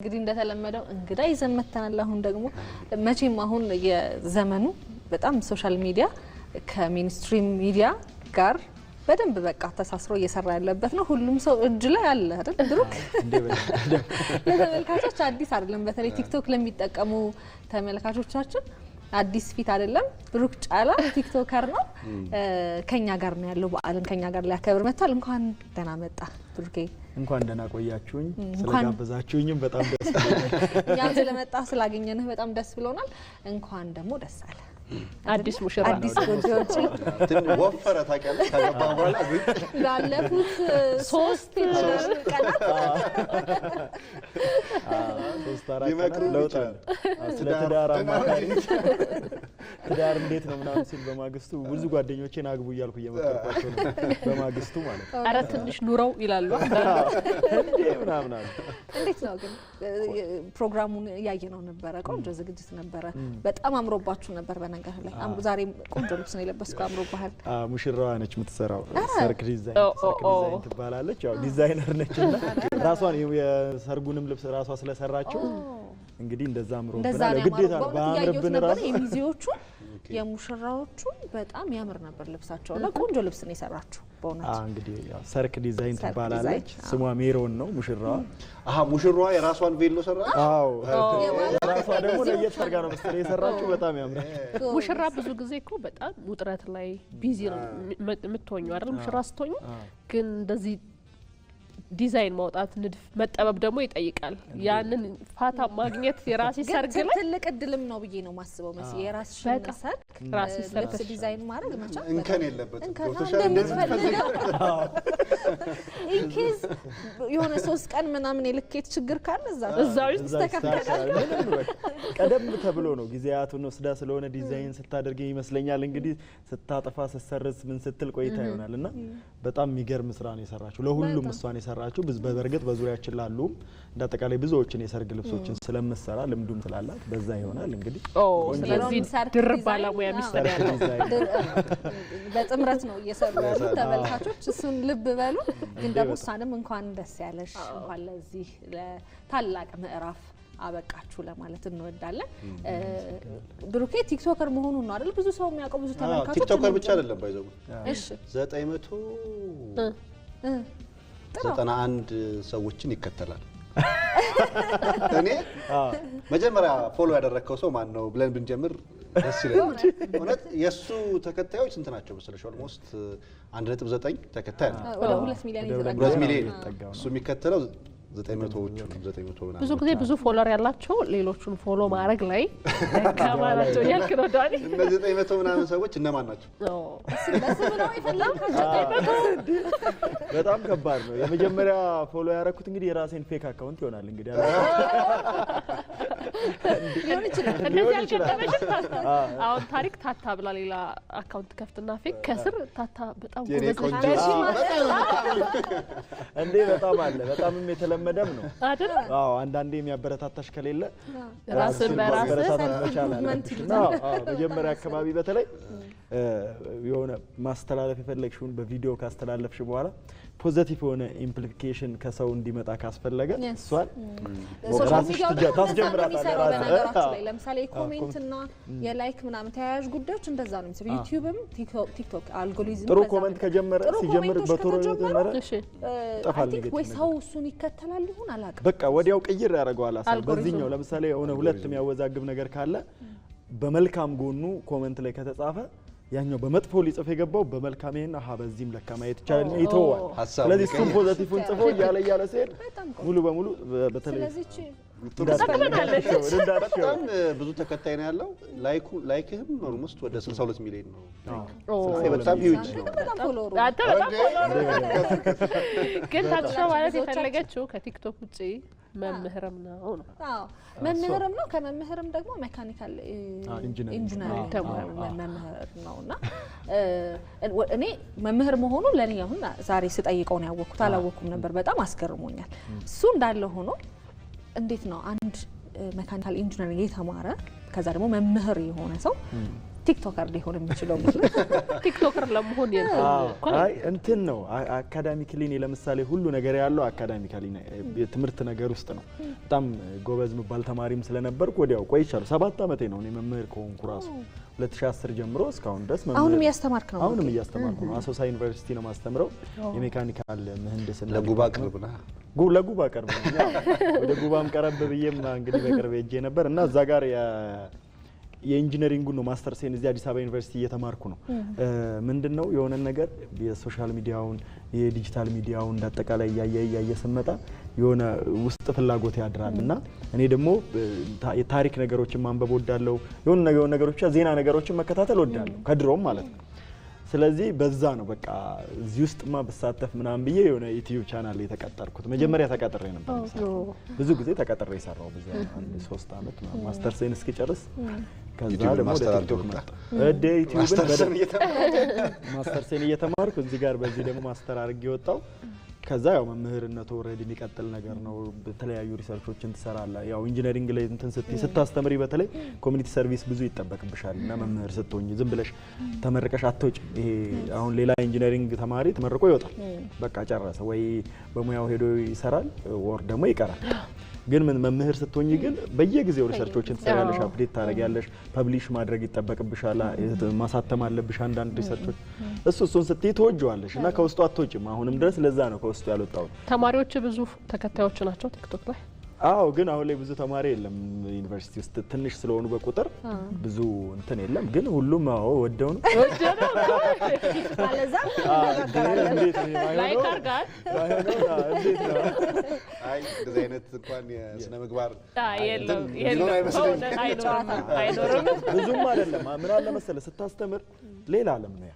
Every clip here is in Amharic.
እንግዲህ እንደተለመደው እንግዳ ይዘን መተናል። አሁን ደግሞ መቼም አሁን የዘመኑ በጣም ሶሻል ሚዲያ ከሜንስትሪም ሚዲያ ጋር በደንብ በቃ ተሳስሮ እየሰራ ያለበት ነው። ሁሉም ሰው እጅ ላይ አለ አይደል? ብሩክ ለተመልካቾች አዲስ አይደለም። በተለይ ቲክቶክ ለሚጠቀሙ ተመልካቾቻችን አዲስ ፊት አይደለም። ብሩክ ጫላ ቲክቶከር ነው። ከኛ ጋር ነው ያለው። በዓልን ከኛ ጋር ሊያከብር መጥቷል። እንኳን ደህና መጣ ብሩኬ። እንኳን ደህና ቆያችሁኝ። ስለጋበዛችሁኝም በጣም ደስ እኛም ስለመጣ ስላገኘንህ በጣም ደስ ብሎናል። እንኳን ደግሞ ደስ አለ አዲስ ሙሽራ አዲስ ጎጆዎች ወፈረ ታውቂያለሽ። ከገባ በኋላ ላለፉት ሶስት ስለ ትዳር አማካሪ ትዳር እንዴት ነው ምናምን ሲል በማግስቱ ብዙ ጓደኞቼን አግቡ እያልኩ እየመከርኳቸው ነው። በማግስቱ ማለት ኧረ ትንሽ ኑረው ይላሉ ምናምን አሉ። እንዴት ነው ግን ፕሮግራሙን ያየ ነው ነበረ። ቆንጆ ዝግጅት ነበረ። በጣም አምሮባችሁ ነበር በና ነገር ላይ ዛሬ ቆንጆ ልብስ ነው የለበስኩ፣ አምሮ ባህል ሙሽራዋ ነች የምትሰራው፣ ሰርክ ዲዛይን ትባላለች። ያው ዲዛይነር ነች እና ራሷን የሰርጉንም ልብስ ራሷ ስለሰራችው እንግዲህ እንደዛ አምሮ ግዴታ ነው በአምርብን ራሱ የሚዜዎቹ የሙሽራዎቹ በጣም ያምር ነበር ልብሳቸው እና ቆንጆ ልብስ ነው የሰራችሁ። በእውነት እንግዲህ ሰርክ ዲዛይን ትባላለች። ስሟ ሜሮን ነው ሙሽራዋ። አሀ ሙሽራዋ የራሷን ቬሎ ሰራች። አዎ የራሷ ደግሞ ለየት አድርጋ ነው መሰለኝ የሰራችው። በጣም ያምራል። ሙሽራ ብዙ ጊዜ እኮ በጣም ውጥረት ላይ ቢዚ ነው የምትሆኙ አይደል? ሙሽራ ስትሆኙ ግን እንደዚህ ዲዛይን ማውጣት፣ ንድፍ መጠበብ ደግሞ ይጠይቃል። ያንን ፋታ ማግኘት የራሴ ሰርግ ላይ ትልቅ እድልም ነው ብዬ ነው ማስበው። መስ የራሴ ሰርግ ራሴ ሰርግ ዲዛይን ማድረግ መቻ እንከን የለበት ኢንኬዝ የሆነ ሶስት ቀን ምናምን የልኬት ችግር ካለ እዛ እዛ ውስጥ ተከፍተናል። ቀደም ተብሎ ነው ጊዜያቱን ወስዳ ስለሆነ ዲዛይን ስታደርግ ይመስለኛል እንግዲህ ስታጠፋ ስትሰርስ ምን ስትል ቆይታ ይሆናል እና በጣም የሚገርም ስራ ነው የሰራችሁ ለሁሉም እሷን የሰራ ስለሰራችው በበርግጥ በዙሪያችን ላሉ እንዳጠቃላይ ብዙዎችን የሰርግ ልብሶችን ስለምሰራ ልምዱም ስላላት በዛ ይሆናል እንግዲህ። ስለዚህ ድርብ ባለሙያ ሚስተር በጥምረት ነው እየሰሩ ያሉት ተመልካቾች፣ እሱን ልብ በሉ። ግን ደግሞ እሷንም እንኳን ደስ ያለሽ እንኳን ለዚህ ለታላቅ ምዕራፍ አበቃችሁ ለማለት እንወዳለን። ብሩኬ ቲክቶከር መሆኑን ነው አይደል? ብዙ ሰው የሚያውቀው ብዙ ተመልካቾች ቲክቶከር ብቻ አይደለም ባይዘው እሺ ዘጠኝ መቶ ዘጠና አንድ ሰዎችን ይከተላል። እኔ መጀመሪያ ፎሎ ያደረግከው ሰው ማን ነው ብለን ብንጀምር ደስ ይለኛል። እውነት የእሱ ተከታዮች ስንት ናቸው መሰለሽ? ኦልሞስት አንድ ነጥብ ዘጠኝ ተከታይ ነው። ሁለት ሚሊዮን እሱ የሚከተለው ብዙ ጊዜ ብዙ ፎሎወር ያላቸው ሌሎቹን ፎሎ ማድረግ ላይ ደካማ እያልክ ነው ዳኒ። እነዚህ ዘጠኝ መቶ ምናምን ሰዎች እነማን ናቸው? በጣም ከባድ ነው። የመጀመሪያ ፎሎ ያደረኩት እንግዲህ የራሴን ፌክ አካውንት ይሆናል እንግዲህ አሁን ታሪክ ታታ ብላ ሌላ አካውንት ከፍትና ፌክ ከስር ታታ በጣም እንዴ በጣም አለ በጣም የተለ የተለመደም ነው አይደል? አዎ። አንዳንዴ የሚያበረታታሽ ከሌለ ራስን በራስህ መጀመሪያ አካባቢ በተለይ የሆነ ማስተላለፍ የፈለግሽውን በቪዲዮ ካስተላለፍሽ በኋላ ፖዘቲቭ የሆነ ኢምፕሊኬሽን ከሰው እንዲመጣ ካስፈለገ እሷን mm. ታስጀምራታለህ። ለምሳሌ የኮሜንትና የላይክ ምናምን ተያያዥ ጉዳዮች እንደዛ ነው። ዩቲዩብም ቲክቶክ አልጎሪዝም ጥሩ ኮሜንት ከጀመረ ሲጀምር በቶሮ ጀመረ ወይ ሰው እሱን ይከተላል ይሆን አላውቅም። በቃ ወዲያው ቅይር ያደርገዋል። አሳ በዚህኛው ለምሳሌ የሆነ ሁለት የሚያወዛግብ ነገር ካለ በመልካም ጎኑ ኮሜንት ላይ ከተጻፈ ያኛው በመጥፎ ሊጽፍ የገባው በመልካም ይሄን ሀ በዚህም ለካ ማየት ይቻላል ይተዋል። ስለዚህ እሱም ፖዘቲቭን ጽፎ እያለ እያለ ሲሄድ ሙሉ በሙሉ በተለይ ስለዚህ በጣም ብዙ ተከታይ ነው ያለው። ላይክህም ኦልሞስት ወደ 62 ሚሊዮን ነው። በጣም ሂውጅ ግን ማለት የፈለገችው ከቲክቶክ መምህርም ነው ነው መምህርም ነው። ከመምህርም ደግሞ ሜካኒካል ኢንጂነሪንግ መምህር ነው እና እኔ መምህር መሆኑ ለእኔ አሁን ዛሬ ስጠይቀው ነው ያወቅኩት። አላወቅኩም ነበር። በጣም አስገርሞኛል። እሱ እንዳለ ሆኖ እንዴት ነው አንድ መካኒካል ኢንጂነሪንግ የተማረ ከዛ ደግሞ መምህር የሆነ ሰው ቲክቶከር ሊሆን የሚችለው ቲክቶከር ለመሆን አይ እንትን ነው አካዳሚክሊ እኔ ለምሳሌ ሁሉ ነገር ያለው አካዳሚካሊ የትምህርት ነገር ውስጥ ነው። በጣም ጎበዝ ምባል ተማሪም ስለነበርኩ ወዲያው ቆይቻለሁ። ሰባት ዓመቴ ነው እኔ መምህር ከሆንኩ ራሱ 2010 ጀምሮ እስካሁን ድረስ አሁንም እያስተማርክ ነው? አሁንም እያስተማርኩ ነው። አሶሳ ዩኒቨርሲቲ ነው ማስተምረው የሜካኒካል ምህንድስና ለጉባ ቅርብ ለጉባ ቀርብ ወደ ጉባም ቀረብ ብዬም እንግዲህ በቅርብ ሄጄ ነበር እና እዛ ጋር የኢንጂነሪንግ ነው ሴን እዚህ አዲስ አበባ ዩኒቨርሲቲ እየተማርኩ ነው። ምንድን ነው የሆነን ነገር የሶሻል ሚዲያውን የዲጂታል ሚዲያውን እንዳጠቃላይ እያየ እያየ ስመጣ የሆነ ውስጥ ፍላጎት ያድራል እና እኔ ደግሞ የታሪክ ነገሮችን ማንበብ ወዳለው የሆኑ ነገሮች ዜና ነገሮችን መከታተል ወዳለሁ ከድሮም ማለት ነው ስለዚህ በዛ ነው በቃ እዚህ ውስጥማ ብሳተፍ ምናምን ብዬ የሆነ ዩቲዩብ ቻናል የተቀጠርኩት። መጀመሪያ ተቀጥሬ ነበር፣ ብዙ ጊዜ ተቀጥሬ የሰራው ብዙ አንድ ሶስት አመት ማስተር ሴን እስኪጨርስ። ከዛ ደግሞ ቲክቶክ መጣ። እደ ዩቲዩብን ማስተር ሴን እየተማርኩ እዚህ ጋር በዚህ ደግሞ ማስተር አድርጌ ወጣው። ከዛ ያው መምህርነቱ ኦልሬዲ የሚቀጥል ነገር ነው። በተለያዩ ሪሰርቾችን ትሰራለህ። ያው ኢንጂነሪንግ ላይ እንትን ስታስተምሪ በተለይ ኮሚኒቲ ሰርቪስ ብዙ ይጠበቅብሻል እና መምህር ስትሆኝ ዝም ብለሽ ተመርቀሽ አትወጭም። ይሄ አሁን ሌላ ኢንጂነሪንግ ተማሪ ተመርቆ ይወጣል፣ በቃ ጨረሰ። ወይ በሙያው ሄዶ ይሰራል ወር ደግሞ ይቀራል። ግን ምን መምህር ስትሆኝ ግን በየጊዜው ሪሰርቾችን ትሰሪያለሽ፣ አፕዴት ታደርጊያለሽ፣ ፐብሊሽ ማድረግ ይጠበቅብሻል፣ ማሳተም አለብሽ አንዳንድ ሪሰርቾች። እሱ እሱን ስትይ ትወጂዋለሽ እና ከውስጡ አትወጪም። አሁንም ድረስ ለዛ ነው ከውስጡ ያልወጣው። ተማሪዎች ብዙ ተከታዮች ናቸው ቲክቶክ ላይ አዎ ግን አሁን ላይ ብዙ ተማሪ የለም ዩኒቨርሲቲ ውስጥ ትንሽ ስለሆኑ በቁጥር ብዙ እንትን የለም። ግን ሁሉም አዎ ወደው ነው እንኳን የስነ ምግባር ብዙም አይደለም። ምን አለ መሰለህ ስታስተምር ሌላ አለም ነው ያ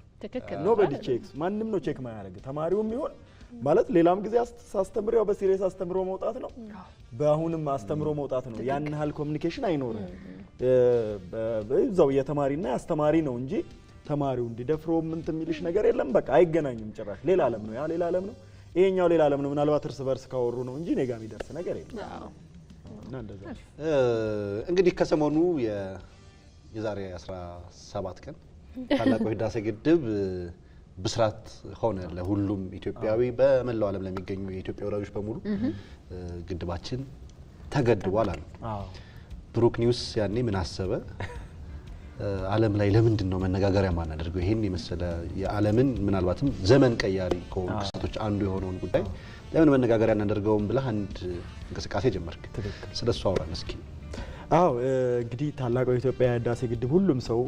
ኖ በዲ ቼክስ ማንም ነው ቼክ ማያደርግ ተማሪውም ይሆን ማለት ሌላም ጊዜ ሳስተምር ያው በሲሪየስ አስተምሮ መውጣት ነው፣ በአሁንም አስተምሮ መውጣት ነው። ያን ያህል ኮሚኒኬሽን አይኖርም። እዛው የተማሪና አስተማሪ ነው እንጂ ተማሪው እንዲደፍሮ ምንት የሚልሽ ነገር የለም። በቃ አይገናኝም ጭራሽ። ሌላ ዓለም ነው ያ ሌላ ዓለም ነው ይሄኛው ሌላ ዓለም ነው። ምናልባት እርስ በርስ ካወሩ ነው እንጂ እኔ ጋ የሚደርስ ነገር የለም። እንግዲህ ከሰሞኑ የዛሬ 17 ቀን ታላቁ ህዳሴ ግድብ ብስራት ሆነ ለሁሉም ኢትዮጵያዊ በመላው ዓለም ለሚገኙ የኢትዮጵያ ወዳጆች በሙሉ ግድባችን ተገድቧል አሉ። ብሩክ ኒውስ ያኔ ምን አሰበ? ዓለም ላይ ለምንድን ነው መነጋገሪያ ማናደርገው? ይህን የመሰለ የዓለምን ምናልባትም ዘመን ቀያሪ ከሆኑ ክስተቶች አንዱ የሆነውን ጉዳይ ለምን መነጋገሪያ እናደርገውም ብለህ አንድ እንቅስቃሴ ጀመርክ። ስለ እሱ አውራን እስኪ። አዎ እንግዲህ ታላቁ የኢትዮጵያ ህዳሴ ግድብ ሁሉም ሰው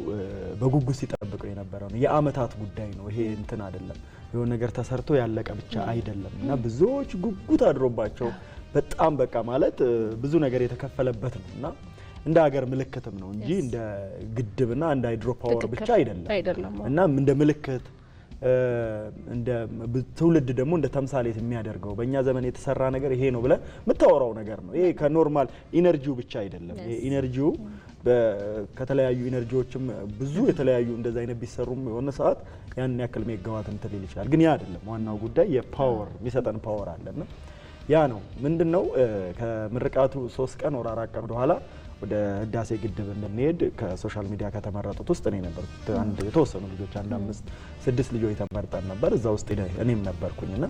በጉጉት ሲጠብቀው የነበረው ነው። የአመታት ጉዳይ ነው። ይሄ እንትን አይደለም፣ የሆነ ነገር ተሰርቶ ያለቀ ብቻ አይደለም እና ብዙዎች ጉጉት አድሮባቸው በጣም በቃ ማለት ብዙ ነገር የተከፈለበት ነው እና እንደ ሀገር ምልክትም ነው እንጂ እንደ ግድብና እንደ ሃይድሮ ፓወር ብቻ አይደለም እና እንደ ምልክት እንደ ትውልድ ደግሞ እንደ ተምሳሌት የሚያደርገው በእኛ ዘመን የተሰራ ነገር ይሄ ነው ብለን የምታወራው ነገር ነው። ይሄ ከኖርማል ኢነርጂው ብቻ አይደለም። ይሄ ኢነርጂው ከተለያዩ ኢነርጂዎችም ብዙ የተለያዩ እንደዚ አይነት ቢሰሩም የሆነ ሰዓት ያንን ያክል ሜጋዋት እንትን ሊል ይችላል። ግን ያ አይደለም ዋናው ጉዳይ። የፓወር የሚሰጠን ፓወር አለና ያ ነው ምንድን ነው ከምርቃቱ ሶስት ቀን ወር አራት ቀን ወደኋላ ወደ ህዳሴ ግድብ እንደሚሄድ ከሶሻል ሚዲያ ከተመረጡት ውስጥ እኔ ነበርኩት። አንድ የተወሰኑ ልጆች አንድ አምስት ስድስት ልጆች ተመርጠን ነበር። እዛ ውስጥ እኔም ነበርኩኝ እና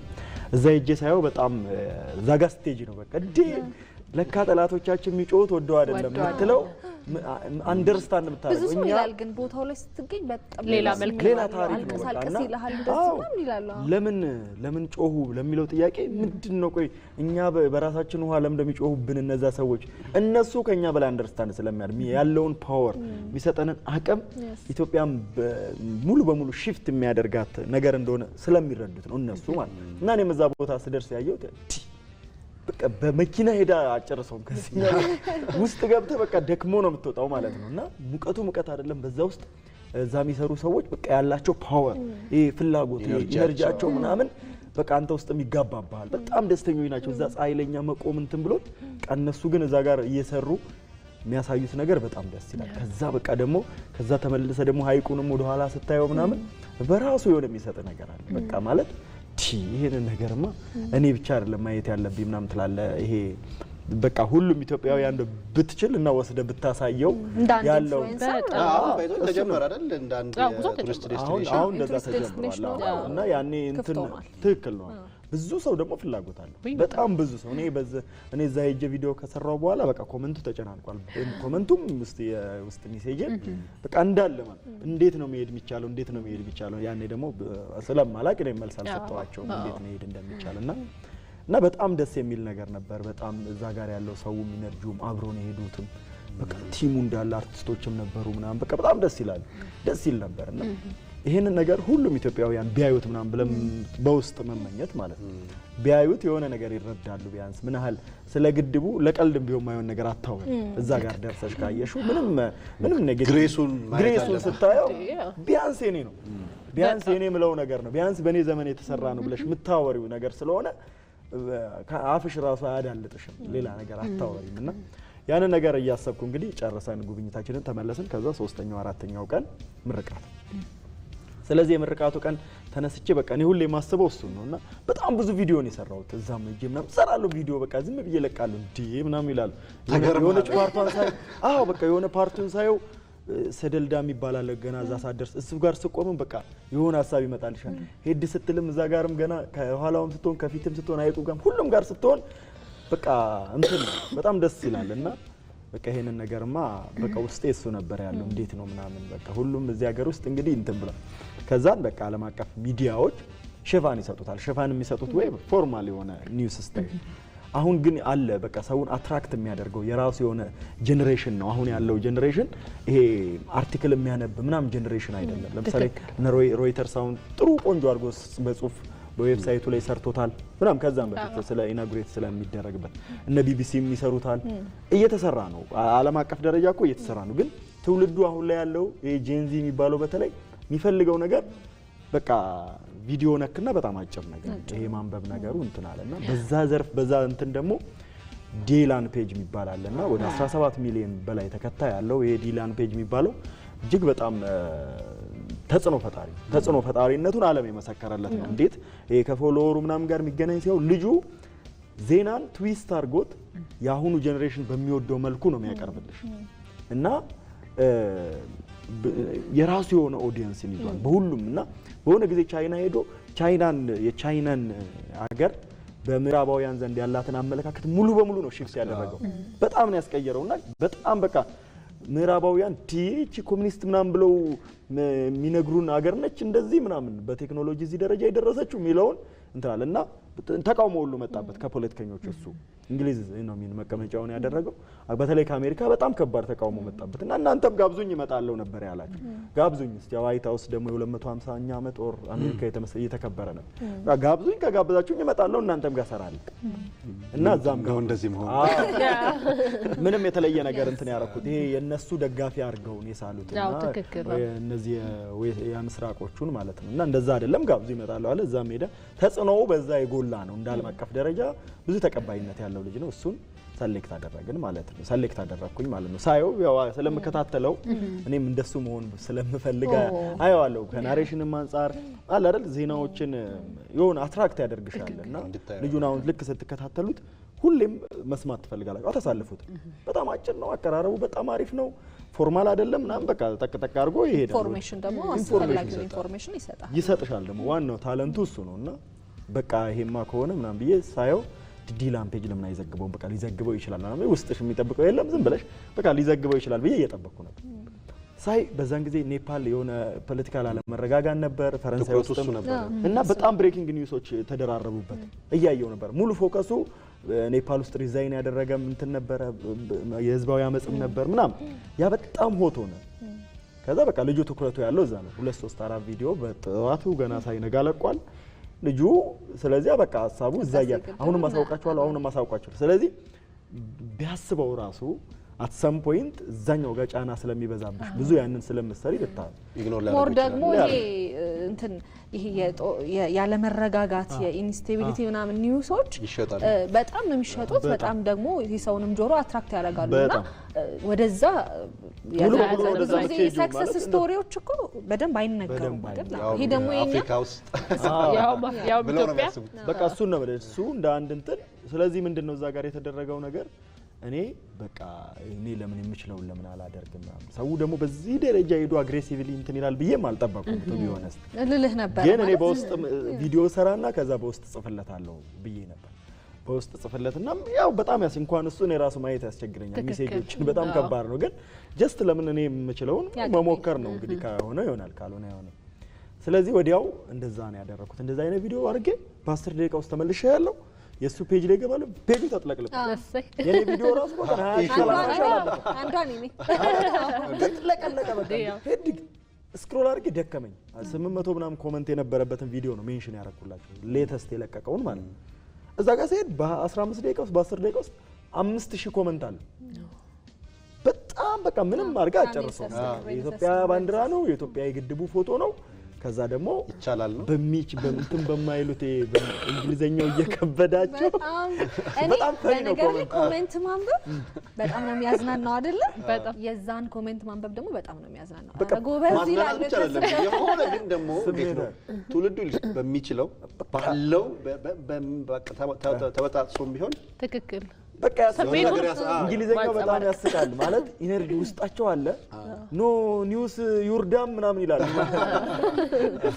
እዛ ሄጄ ሳየው በጣም እዛ ጋ ስቴጅ ነው በቃ እንዴ ለካ ጠላቶቻችን የሚጮሁት ወደው አይደለም ምትለው አንደርስታንድ ብታደርገው ብዙ ሰው ይላል፣ ግን ቦታው ላይ ስትገኝ በጣም ሌላ መልክ ሌላ ታሪክ ነው። አልቀስ ይልሃል እንደዚህ ምናምን ይላሉ። ለምን ለምን ጮሁ ለሚለው ጥያቄ ምንድን ነው? ቆይ እኛ በራሳችን ውሃ ለምን እንደሚጮሁብን እነዛ ሰዎች እነሱ ከኛ በላይ አንደርስታንድ ስለሚያድ ያለውን ፓወር የሚሰጠንን አቅም ኢትዮጵያን ሙሉ በሙሉ ሺፍት የሚያደርጋት ነገር እንደሆነ ስለሚረዱት ነው እነሱ ማለት እና እኔም እዛ ቦታ ስደርስ ያየሁት በቃ በመኪና ሄዳ አጨርሰውም ከዚህ ውስጥ ገብተህ በቃ ደክሞ ነው የምትወጣው ማለት ነው። እና ሙቀቱ ሙቀት አይደለም። በዛ ውስጥ እዛ የሚሰሩ ሰዎች በቃ ያላቸው ፓወር፣ ይሄ ፍላጎት፣ ኢነርጂያቸው ምናምን በቃ አንተ ውስጥም የሚጋባባል። በጣም ደስተኞች ናቸው እዛ ፀሐይ ለኛ መቆም እንትን ብሎት እነሱ ግን እዛ ጋር እየሰሩ የሚያሳዩት ነገር በጣም ደስ ይላል። ከዛ በቃ ደግሞ ከዛ ተመልሰ ደግሞ ሀይቁንም ወደኋላ ስታየው ምናምን በራሱ የሆነ የሚሰጥ ነገር አለ በቃ mm. ማለት ይሄንን ነገርማ እኔ ብቻ አይደለም ማየት ያለብኝ ምናምን ትላለ ይሄ በቃ ሁሉም ኢትዮጵያውያን ብትችል እና ወስደ ብታሳየው ያለው ተጀመረ አይደል? እንደ አንድ ቱሪስት ዴስቲኔሽን አሁን እንደዛ ተጀምሯል እና ያኔ እንትን ትክክል ነው። ብዙ ሰው ደግሞ ፍላጎት አለው። በጣም ብዙ ሰው እኔ በዚ እኔ እዛ ሄጄ ቪዲዮ ከሰራው በኋላ በቃ ኮመንቱ ተጨናንቋል። ኮመንቱም ውስጥ የውስጥ ሜሴጅ በቃ እንዳለ ማለት እንዴት ነው መሄድ የሚቻለው? እንዴት ነው መሄድ የሚቻለው? ያኔ ደግሞ ስለማላቅ እኔ መልስ አልሰጠዋቸውም እንዴት መሄድ እንደሚቻል እና እና በጣም ደስ የሚል ነገር ነበር። በጣም እዛ ጋር ያለው ሰውም ኢነርጂውም ነው የሄዱትም በቃ ቲሙ እንዳለ አርቲስቶችም ነበሩ ምናምን በቃ በጣም ደስ ይላል ደስ ይል ነበር እና ይህንን ነገር ሁሉም ኢትዮጵያውያን ቢያዩት ምናምን ብለን በውስጥ መመኘት ማለት ነው። ቢያዩት የሆነ ነገር ይረዳሉ። ቢያንስ ምን ያህል ስለ ግድቡ ለቀልድ ቢሆን ማይሆን ነገር አታውቅም። እዛ ጋር ደርሰሽ ካየሹ ምንም ምንም ነገር ግሬሱን ስታየው ቢያንስ የኔ ነው ቢያንስ የኔ ምለው ነገር ነው ቢያንስ በእኔ ዘመን የተሰራ ነው ብለሽ የምታወሪው ነገር ስለሆነ አፍሽ ራሱ አያዳልጥሽም። ሌላ ነገር አታወሪም እና ያንን ነገር እያሰብኩ እንግዲህ ጨረሰን ጉብኝታችንን ተመለስን። ከዛ ሶስተኛው አራተኛው ቀን ምርቃት ስለዚህ የምርቃቱ ቀን ተነስቼ በቃ እኔ ሁሌ የማስበው እሱ ነው እና በጣም ብዙ ቪዲዮ ነው የሰራሁት። እዛም ሂጄ ምናምን ሰራለሁ ቪዲዮ በቃ ዝም ብዬ እለቃለሁ እንዴ ምናምን ይላሉ። የሆነች ፓርቷን ሳይ አዎ በቃ የሆነ ፓርቱን ሳየው ሰደልዳ የሚባል ገና እዛ ሳደርስ እሱ ጋር ስቆምም በቃ የሆነ ሀሳብ ይመጣልሻል። ሄድ ስትልም እዛ ጋርም ገና ከኋላውም ስትሆን ከፊትም ስትሆን አይቁ ጋርም ሁሉም ጋር ስትሆን በቃ እንትን በጣም ደስ ይላል እና በቃ ይሄንን ነገርማ በቃ ውስጤ እሱ ነበር ያለው እንዴት ነው ምናምን በቃ ሁሉም እዚህ ሀገር ውስጥ እንግዲህ እንትን ብሏል። ከዛን በቃ ዓለም አቀፍ ሚዲያዎች ሽፋን ይሰጡታል። ሽፋን የሚሰጡት ወይ ፎርማል የሆነ ኒውስ ስታይል አሁን ግን አለ በቃ ሰውን አትራክት የሚያደርገው የራሱ የሆነ ጀኔሬሽን ነው። አሁን ያለው ጀኔሬሽን ይሄ አርቲክል የሚያነብ ምናምን ጀኔሬሽን አይደለም። ለምሳሌ ሮይተርስ አሁን ጥሩ ቆንጆ አድርጎ በጽሁፍ በዌብሳይቱ ላይ ሰርቶታል ምናምን ከዛም በፊት ስለ ኢናጉሬት ስለሚደረግበት እነ ቢቢሲም ይሰሩታል። እየተሰራ ነው። ዓለም አቀፍ ደረጃ እኮ እየተሰራ ነው። ግን ትውልዱ አሁን ላይ ያለው ይሄ ጄንዚ የሚባለው በተለይ የሚፈልገው ነገር በቃ ቪዲዮ ነክና በጣም አጭር ነገር ይሄ ማንበብ ነገሩ እንትን አለና በዛ ዘርፍ በዛ እንትን ደግሞ ዲላን ፔጅ የሚባል አለና ወደ 17 ሚሊዮን በላይ ተከታይ ያለው ይሄ ዲላን ፔጅ የሚባለው እጅግ በጣም ተጽዕኖ ፈጣሪ ተጽዕኖ ፈጣሪነቱን ዓለም የመሰከረለት ነው። እንዴት ይሄ ከፎሎወሩ ምናምን ጋር የሚገናኝ ሲሆን ልጁ ዜናን ትዊስት አድርጎት የአሁኑ ጀኔሬሽን በሚወደው መልኩ ነው የሚያቀርብልሽ እና የራሱ የሆነ ኦዲየንስን ይዟል በሁሉም እና በሆነ ጊዜ ቻይና ሄዶ ቻይናን የቻይናን ሀገር በምዕራባውያን ዘንድ ያላትን አመለካከት ሙሉ በሙሉ ነው ሽፍስ ያደረገው። በጣም ነው እና በጣም በቃ ምዕራባውያን ዲች ኮሚኒስት ምናምን ብለው የሚነግሩን አገር ነች እንደዚህ ምናምን በቴክኖሎጂ እዚህ ደረጃ የደረሰችው የሚለውን እንትናል እና ተቃውሞ ሁሉ መጣበት ከፖለቲከኞች። እሱ እንግሊዝ ነው ሚን መቀመጫውን ያደረገው። በተለይ ከአሜሪካ በጣም ከባድ ተቃውሞ መጣበት እና እናንተም ጋብዙኝ እመጣለሁ ነበር ያላቸው። ጋብዙኝ እስቲ ዋይት ሀውስ ደግሞ የ250ኛ ዓመት ጦር አሜሪካ እየተከበረ ነው። ጋብዙኝ፣ ከጋበዛችሁኝ እመጣለሁ እናንተም ጋር ሰራለሁ እና እዛም ጋር እንደዚህ መሆን ምንም የተለየ ነገር እንትን ያረኩት ይሄ የእነሱ ደጋፊ አድርገውን የሳሉት ትክክል እነዚህ የምስራቆቹን ማለት ነው። እና እንደዛ አይደለም ጋብዙ ይመጣል አለ። እዛም ሄደ። ተጽዕኖው በዛ የጎላ ነው። እንደ ዓለም አቀፍ ደረጃ ብዙ ተቀባይነት ያለው ልጅ ነው። እሱን ሰሌክት አደረግን ማለት ነው። ሰሌክት አደረግኩኝ ማለት ነው። ሳየው ስለምከታተለው እኔም እንደሱ መሆን ስለምፈልግ አየዋለሁ። ከናሬሽንም አንጻር አለ አይደል ዜናዎችን የሆነ አትራክት ያደርግሻል እና ልጁን አሁን ልክ ስትከታተሉት ሁሌም መስማት ትፈልጋላችሁ። አታሳልፉት። በጣም አጭር ነው አቀራረቡ፣ በጣም አሪፍ ነው። ፎርማል አይደለም ምናምን በቃ ጠቅጠቅ አድርጎ ይሄዳል። ኢንፎርሜሽን ደግሞ አስፈላጊውን ኢንፎርሜሽን ይሰጣል ይሰጥሻል። ደግሞ ዋናው ታለንቱ እሱ ነው እና በቃ ይሄማ ከሆነ ምናምን ብዬ ሳየው ዲዲ ላምፔጅ ለምን አይዘግበውም? በቃ ሊዘግበው ይችላል ምናምን ውስጥሽ የሚጠብቀው የለም ዝም ብለሽ በቃ ሊዘግበው ይችላል ብዬ እየጠበቅኩ ነበር። ሳይ በዛን ጊዜ ኔፓል የሆነ ፖለቲካል አለመረጋጋት ነበር፣ ፈረንሳይ ውስጥ ነበር እና በጣም ብሬኪንግ ኒውሶች ተደራረቡበት እያየው ነበር ሙሉ ፎከሱ ኔፓል ውስጥ ሪዛይን ያደረገም እንትን ነበረ፣ የህዝባዊ አመፅም ነበር ምናምን። ያ በጣም ሆት ሆነ። ከዛ በቃ ልጁ ትኩረቱ ያለው እዛ ነው። ሁለት ሶስት አራት ቪዲዮ በጠዋቱ ገና ሳይነጋ ለቋል ልጁ። ስለዚያ በቃ ሀሳቡ እዛ እያለ አሁንም አሳውቃችኋለሁ፣ አሁንም አሳውቃችኋለሁ። ስለዚህ ቢያስበው ራሱ አትሰም ፖይንት እዛኛው ጋር ጫና ስለሚበዛብሽ ብዙ ያንን ስለምትሰሪ ልታ ሞር ደግሞ እንትን ይሄ ያለመረጋጋት የኢንስቴቢሊቲ ምናምን ኒውሶች በጣም ነው የሚሸጡት። በጣም ደግሞ የሰውንም ጆሮ አትራክት ያደርጋሉ እና ወደዛ ሰክሰስ ስቶሪዎች እኮ በደንብ አይነገሩም። ይሄ ደግሞ ኢትዮጵያ በቃ እሱን ነው እሱ እንደ አንድ እንትን ስለዚህ ምንድን ነው እዛ ጋር የተደረገው ነገር እኔ በቃ እኔ ለምን የምችለውን ለምን አላደርግም? ምናምን። ሰው ደግሞ በዚህ ደረጃ ሄዶ አግሬሲቭሊ እንትን ይላል ብዬም አልጠበቁም። ቱ ቢሆነስ ልልህ ነበር። ግን እኔ በውስጥ ቪዲዮ ሰራና ከዛ በውስጥ ጽፍለታለሁ ብዬ ነበር። በውስጥ ጽፍለትና ያው በጣም ያስ እንኳን እሱ እኔ ራሱ ማየት ያስቸግረኛል። ሚሴጆችን በጣም ከባድ ነው። ግን ጀስት ለምን እኔ የምችለውን መሞከር ነው እንግዲህ። ከሆነ ይሆናል፣ ካልሆነ አይሆንም። ስለዚህ ወዲያው እንደዛ ነው ያደረኩት። እንደዛ አይነት ቪዲዮ አድርጌ በአስር ደቂቃ ውስጥ ተመልሼ ያለው የእሱ ፔጅ ላይ እገባለሁ። ፔጁ ተጥለቅልቅ የኔ ቪዲዮ ራሱ ተጥለቀለቀ። ሄድግ ስክሮል አድርጌ ደከመኝ። ስምንት መቶ ምናምን ኮመንት የነበረበትን ቪዲዮ ነው ሜንሽን ያደረኩላቸው ሌተስት የለቀቀውን ማለት ነው። እዛ ጋር ሲሄድ በ15 ደቂቃ ውስጥ በ10 ደቂቃ ውስጥ አምስት ሺህ ኮመንት አለ። በጣም በቃ ምንም አድርጋ አጨርሰው። የኢትዮጵያ ባንዲራ ነው፣ የኢትዮጵያ የግድቡ ፎቶ ነው ከዛ ደግሞ ይቻላል ነው በሚች በእንትን በማይሉት እንግሊዘኛው እየከበዳቸው በጣም ፈሪ ነው። ኮሜንት ማንበብ በጣም ነው የሚያዝናናው አይደለ? የዛን ኮሜንት ማንበብ ደግሞ በጣም ነው የሚያዝናናው። አረ ጎበዝ ይላል የሆነ ግን ደግሞ ትውልዱ በሚችለው ባለው ተበጣጥሶም ቢሆን ትክክል በቃ እንግሊዘኛው በጣም ያስቃል። ማለት ኢነርጂ ውስጣቸው አለ። ኖ ኒውስ ዩርዳም ምናምን ይላል።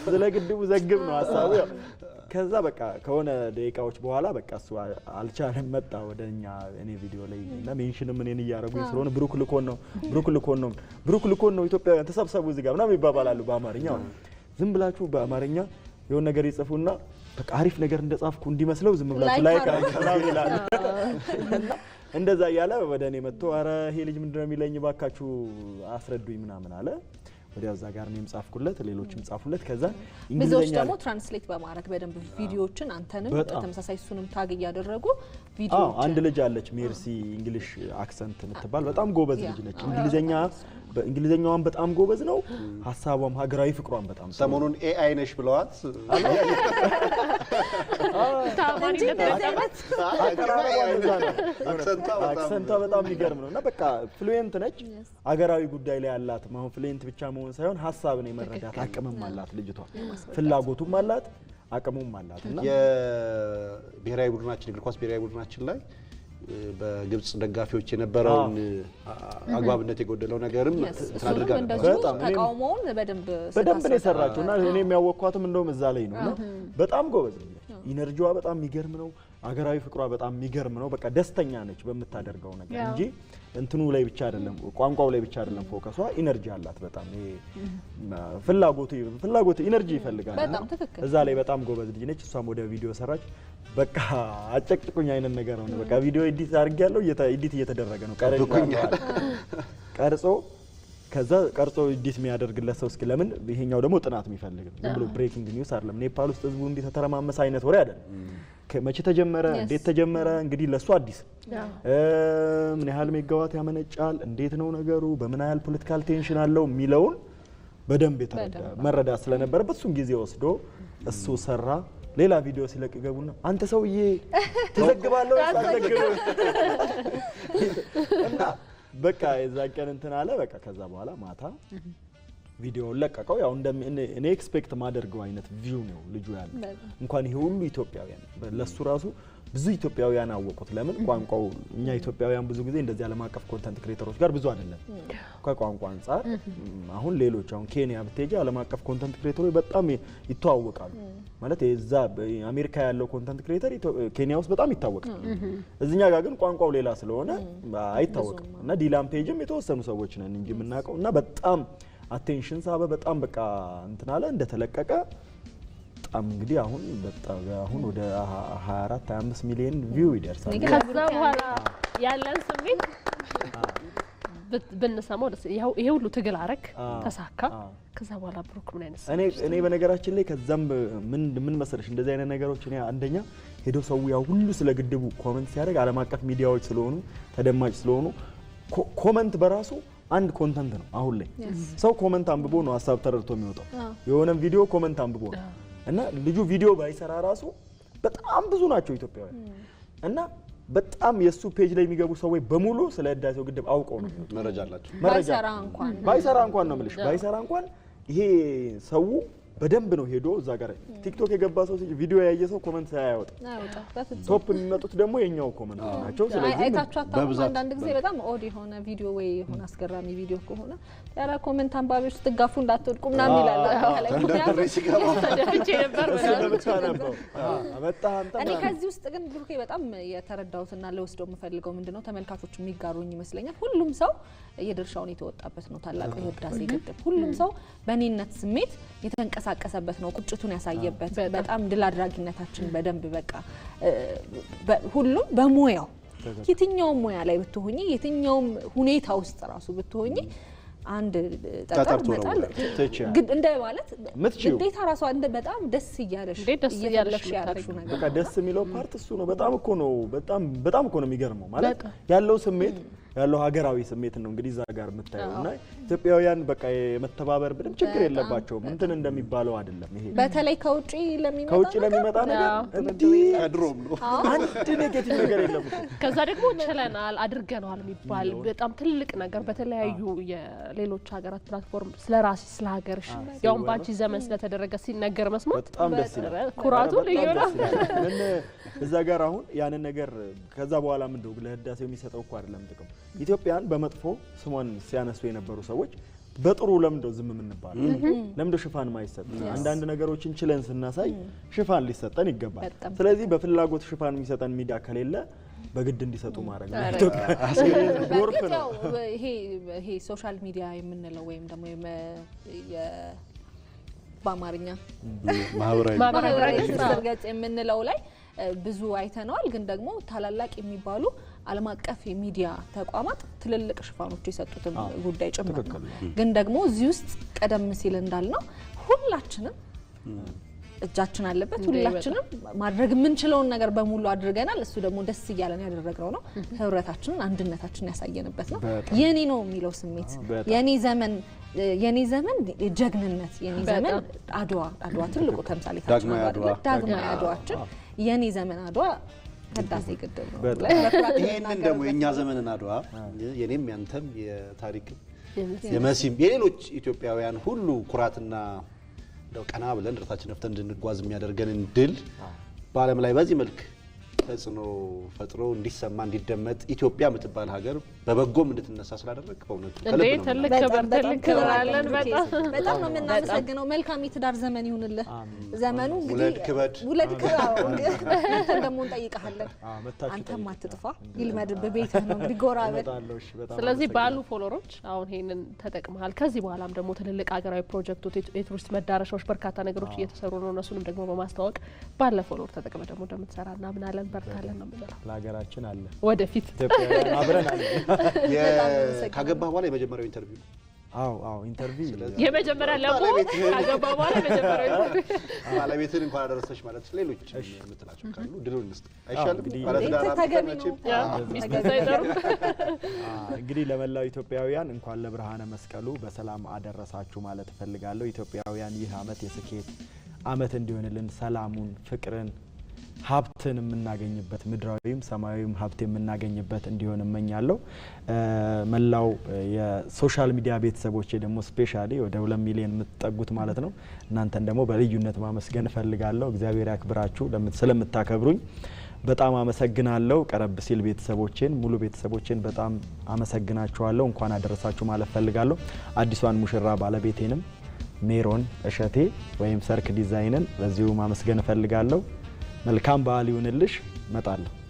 ስለ ግድቡ ዘግብ ነው ሀሳቡ። ከዛ በቃ ከሆነ ደቂቃዎች በኋላ በቃ እሱ አልቻለም፣ መጣ ወደ እኛ እኔ ቪዲዮ ላይ እና ሜንሽንም እኔን እያደረጉኝ ስለሆነ ብሩክ ልኮን ነው ብሩክ ልኮን ነው ብሩክ ልኮን ነው ኢትዮጵያውያን ተሰብሰቡ እዚህ ጋ ምናምን ይባባላሉ በአማርኛ። ዝም ብላችሁ በአማርኛ የሆነ ነገር ይጽፉና በቃ አሪፍ ነገር እንደጻፍኩ እንዲመስለው ዝም ብላችሁ ላይ ይላል። እንደዛ እያለ ወደ እኔ መጥቶ አረ ይሄ ልጅ ምንድነው የሚለኝ ባካችሁ አስረዱኝ ምናምን አለ። ወዲያው እዛ ጋር እኔም ጻፍኩለት፣ ሌሎችም ጻፉለት። ከዛ ብዙዎች ደግሞ ትራንስሌት በማድረግ በደንብ ቪዲዮዎችን አንተንም በተመሳሳይ እሱንም ታግ እያደረጉ ቪዲዮ አንድ ልጅ አለች ሜርሲ እንግሊሽ አክሰንት የምትባል በጣም ጎበዝ ልጅ ነች። እንግሊዘኛ በእንግሊዝኛዋን በጣም ጎበዝ ነው። ሀሳቧም ሀገራዊ ፍቅሯን በጣም ሰሞኑን ኤአይ ነሽ ብለዋት አክሰንቷ በጣም የሚገርም ነው እና በቃ ፍሉዌንት ነች። ሀገራዊ ጉዳይ ላይ ያላትም አሁን ፍሉዌንት ብቻ መሆን ሳይሆን ሀሳብን የመረዳት አቅምም አላት ልጅቷ፣ ፍላጎቱም አላት፣ አቅሙም አላት እና የብሔራዊ ቡድናችን እግር ኳስ ብሔራዊ ቡድናችን ላይ በግብጽ ደጋፊዎች የነበረውን አግባብነት የጎደለው ነገርም ታድርጋል። ተቃውሞውን በደንብ ነው የሰራቸው እና እኔ የሚያወቅኳትም እንደውም እዛ ላይ ነው። በጣም ጎበዝ ኢነርጂዋ በጣም የሚገርም ነው። አገራዊ ፍቅሯ በጣም የሚገርም ነው። በቃ ደስተኛ ነች በምታደርገው ነገር እንጂ እንትኑ ላይ ብቻ አይደለም፣ ቋንቋው ላይ ብቻ አይደለም ፎከሷ። ኢነርጂ አላት በጣም ፍላጎቱ ፍላጎቱ ኢነርጂ ይፈልጋል። እዛ ላይ በጣም ጎበዝ ልጅ ነች። እሷም ወደ ቪዲዮ ሰራች። በቃ አጨቅጭቁኝ አይነት ነገር ነው። በቃ ቪዲዮ ኤዲት ያለው ኤዲት እየተደረገ ነው። ቀርጾ ከዛ ቀርጾ ኤዲት የሚያደርግለት ሰው እስኪ ለምን ይሄኛው ደግሞ ጥናት የሚፈልግ ነው። ዝም ብሎ ብሬኪንግ ኒውስ አይደለም። ኔፓል ውስጥ ህዝቡ እንዲህ ተተረማመሰ አይነት ወሬ አይደለም። መቼ ተጀመረ፣ እንዴት ተጀመረ፣ እንግዲህ ለሱ አዲስ ምን ያህል ሜጋዋት ያመነጫል፣ እንዴት ነው ነገሩ፣ በምን ያህል ፖለቲካል ቴንሽን አለው የሚለውን በደንብ መረዳት ስለነበረበት እሱን ጊዜ ወስዶ እሱ ሰራ። ሌላ ቪዲዮ ሲለቅ ገቡና አንተ ሰውዬ ትዘግባለሁ ሳዘግብ እና በቃ የዛ ቀን እንትን አለ። በቃ ከዛ በኋላ ማታ ቪዲዮውን ለቀቀው። ያው እኔ ኤክስፔክት ማደርገው አይነት ቪው ነው ልጁ ያለ እንኳን ይሄ ሁሉ ኢትዮጵያውያን ለሱ ራሱ ብዙ ኢትዮጵያውያን አወቁት። ለምን ቋንቋው እኛ ኢትዮጵያውያን ብዙ ጊዜ እንደዚህ ዓለም አቀፍ ኮንተንት ክሬተሮች ጋር ብዙ አይደለም ከቋንቋ አንጻር። አሁን ሌሎች አሁን ኬንያ ብትሄጂ ዓለም አቀፍ ኮንተንት ክሬተሮች በጣም ይተዋወቃሉ። ማለት የዛ አሜሪካ ያለው ኮንተንት ክሬተር ኬንያ ውስጥ በጣም ይታወቃል። እዚኛ ጋር ግን ቋንቋው ሌላ ስለሆነ አይታወቅም። እና ዲላም ፔጅም የተወሰኑ ሰዎች ነን እንጂ የምናውቀው እና በጣም አቴንሽን ሳበ። በጣም በቃ እንትናለ እንደተለቀቀ በጣም እንግዲህ አሁን በጣም አሁን ወደ 24 25 ሚሊዮን ቪው ይደርሳል። ከዛ በኋላ ያለን ስሜት ብንሰማው ደስ ይሄ ሁሉ ትግል አረግ ተሳካ። ከዛ በኋላ ብሩክ ምን አይነት እኔ እኔ በነገራችን ላይ ከዛም ምን ምን መሰለሽ እንደዚህ አይነት ነገሮች እኔ አንደኛ ሄዶ ሰው ያ ሁሉ ስለ ግድቡ ኮመንት ሲያደርግ ዓለም አቀፍ ሚዲያዎች ስለሆኑ ተደማጭ ስለሆኑ ኮመንት በራሱ አንድ ኮንተንት ነው። አሁን ላይ ሰው ኮመንት አንብቦ ነው ሀሳብ ተረድቶ የሚወጣው። የሆነ ቪዲዮ ኮመንት አንብቦ ነው እና ልጁ ቪዲዮ ባይሰራ ራሱ በጣም ብዙ ናቸው ኢትዮጵያውያን እና በጣም የእሱ ፔጅ ላይ የሚገቡ ሰዎች በሙሉ ስለ ህዳሴው ግድብ አውቀው ነው መረጃ አላቸው። ባይሰራ እንኳን ነው የምልሽ ባይሰራ እንኳን ይሄ ሰው በደንብ ነው ሄዶ እዛ ጋር ቲክቶክ የገባ ሰው ቪዲዮ ያየ ሰው ኮመንት ሳያወጣ ቶፕ የሚመጡት ደግሞ የኛው ኮመንት ናቸው። ስለዚህ አይታችሁ አንዳንድ ጊዜ በጣም ኦድ የሆነ ቪዲዮ ወይ የሆነ አስገራሚ ቪዲዮ ከሆነ ያራ ኮመንት አንባቢዎች ስትጋፉ እንዳትወድቁ ምናምን ይላል። እኔ ከዚህ ውስጥ ግን ብሩኬ በጣም የተረዳሁትና ለወስደው የምፈልገው ነው ተመልካቾች የሚጋሩኝ ይመስለኛል። ሁሉም ሰው የድርሻውን የተወጣበት ነው ታላቁ የህዳሴ ግድብ። ሁሉም ሰው በእኔነት ስሜት የተንቀሳ የተንቀሳቀሰበት ነው፣ ቁጭቱን ያሳየበት በጣም ድል አድራጊነታችን በደንብ በቃ ሁሉም በሙያው የትኛውም ሙያ ላይ ብትሆኝ የትኛውም ሁኔታ ውስጥ ራሱ ብትሆኝ አንድ ጠጠር መጣል እንደ ማለት ግዴታ ራሷ እንደ በጣም ደስ እያለሽ ደስ የሚለው ፓርት እሱ ነው። በጣም እኮ ነው በጣም በጣም እኮ ነው የሚገርመው ማለት ያለው ስሜት ያለው ሀገራዊ ስሜት ነው እንግዲህ እዛ ጋር የምታየው እና ኢትዮጵያውያን በቃ የመተባበር ምንም ችግር የለባቸውም። እንትን እንደሚባለው አይደለም ይሄ በተለይ ከውጭ ለሚመጣ ከውጭ ለሚመጣ ነገር እንዲህ ድሮም ነው አንድ ኔጌቲቭ ነገር የለም። ከዛ ደግሞ ችለናል አድርገናል የሚባል በጣም ትልቅ ነገር በተለያዩ የሌሎች ሀገራት ፕላትፎርም ስለ ራሴ ስለ ሀገርሽ ያውም ባንቺ ዘመን ስለተደረገ ሲነገር መስማት በጣም ደስ ይላል። ኩራቱ ልዩ ነው። እዛ ጋር አሁን ያንን ነገር ከዛ በኋላ ምንድነው ለህዳሴው የሚሰጠው እኮ አይደለም ጥቅም ኢትዮጵያን በመጥፎ ስሟን ሲያነሱ የነበሩ ሰዎች በጥሩ ለምደው ዝም የምንባለው ለምደው ሽፋን ማይሰጥ አንዳንድ ነገሮችን ችለን ስናሳይ ሽፋን ሊሰጠን ይገባል። ስለዚህ በፍላጎት ሽፋን የሚሰጠን ሚዲያ ከሌለ በግድ እንዲሰጡ ማድረግ ነው። ነው ይሄ ሶሻል ሚዲያ የምንለው ወይም ደግሞ በአማርኛ ማህበራዊ ገጽ የምንለው ላይ ብዙ አይተነዋል። ግን ደግሞ ታላላቅ የሚባሉ ዓለም አቀፍ የሚዲያ ተቋማት ትልልቅ ሽፋኖች የሰጡትን ጉዳይ ጭምር ነው። ግን ደግሞ እዚህ ውስጥ ቀደም ሲል እንዳልነው ሁላችንም እጃችን አለበት። ሁላችንም ማድረግ የምንችለውን ነገር በሙሉ አድርገናል። እሱ ደግሞ ደስ እያለን ያደረግነው ነው። ህብረታችንን፣ አንድነታችንን ያሳየንበት ነው። የኔ ነው የሚለው ስሜት የኔ ዘመን የኔ ዘመን የጀግንነት የኔ ዘመን አድዋ አድዋ ትልቁ ተምሳሌ ዳግማዊ አድዋችን የኔ ዘመን አድዋ ህዳሴ ግድብ ነው። ይህንን ደግሞ የእኛ ዘመንን አድዋ የኔም ያንተም የታሪክ የመሲም የሌሎች ኢትዮጵያውያን ሁሉ ኩራትና ቀና ብለን እርታችን ነፍተን እንድንጓዝ የሚያደርገንን ድል በዓለም ላይ በዚህ መልክ ተጽዕኖ ፈጥሮ እንዲሰማ እንዲደመጥ ኢትዮጵያ የምትባል ሀገር በበጎም እንድትነሳ ስላደረግ በእውነት በጣም ነው የምናመሰግነው። መልካም የትዳር ዘመን ይሁንልህ። ዘመኑ ውለድ ክበድ ውለድ ደግሞ እንጠይቀሃለን። አንተም አትጥፋ ይልመድ ቤትህ ነው ቢጎራበት። ስለዚህ ባሉ ፎሎሮች አሁን ይህንን ተጠቅመሃል። ከዚህ በኋላም ደግሞ ትልልቅ ሀገራዊ ፕሮጀክቶች፣ የቱሪስት መዳረሻዎች፣ በርካታ ነገሮች እየተሰሩ ነው። እነሱንም ደግሞ በማስተዋወቅ ባለ ፎሎር ተጠቅመ ደግሞ እንደምትሰራ እናምናለን። በርታለን ነው የምንለው። ለሀገራችን አለ ወደፊት አብረን አለ። ካገባ በኋላ የመጀመሪያው ኢንተርቪው አዎ አዎ፣ ኢንተርቪው የመጀመሪያ ለቆ ካገባ በኋላ የመጀመሪያው ባለቤትን እንኳን አደረሰች ማለት ሌሎች የምትላቸው ካሉ ድሉን እንስጥ አይሻልም? እንግዲህ ለመላው ኢትዮጵያውያን እንኳን ለብርሃነ መስቀሉ በሰላም አደረሳችሁ ማለት እፈልጋለሁ። ኢትዮጵያውያን ይህ አመት የስኬት አመት እንዲሆንልን ሰላሙን፣ ፍቅርን ሀብትን የምናገኝበት ምድራዊም ሰማያዊም ሀብት የምናገኝበት እንዲሆን እመኛለሁ። መላው የሶሻል ሚዲያ ቤተሰቦች ደግሞ ስፔሻሊ ወደ ሁለት ሚሊዮን የምትጠጉት ማለት ነው እናንተን ደግሞ በልዩነት ማመስገን እፈልጋለሁ። እግዚአብሔር ያክብራችሁ ስለምታከብሩኝ በጣም አመሰግናለሁ። ቀረብ ሲል ቤተሰቦቼን ሙሉ ቤተሰቦቼን በጣም አመሰግናችኋለሁ። እንኳን አደረሳችሁ ማለት ፈልጋለሁ። አዲሷን ሙሽራ ባለቤቴንም ሜሮን እሸቴ ወይም ሰርክ ዲዛይንን በዚሁ ማመስገን እፈልጋለሁ። መልካም በዓል ይሁንልሽ። እመጣለሁ።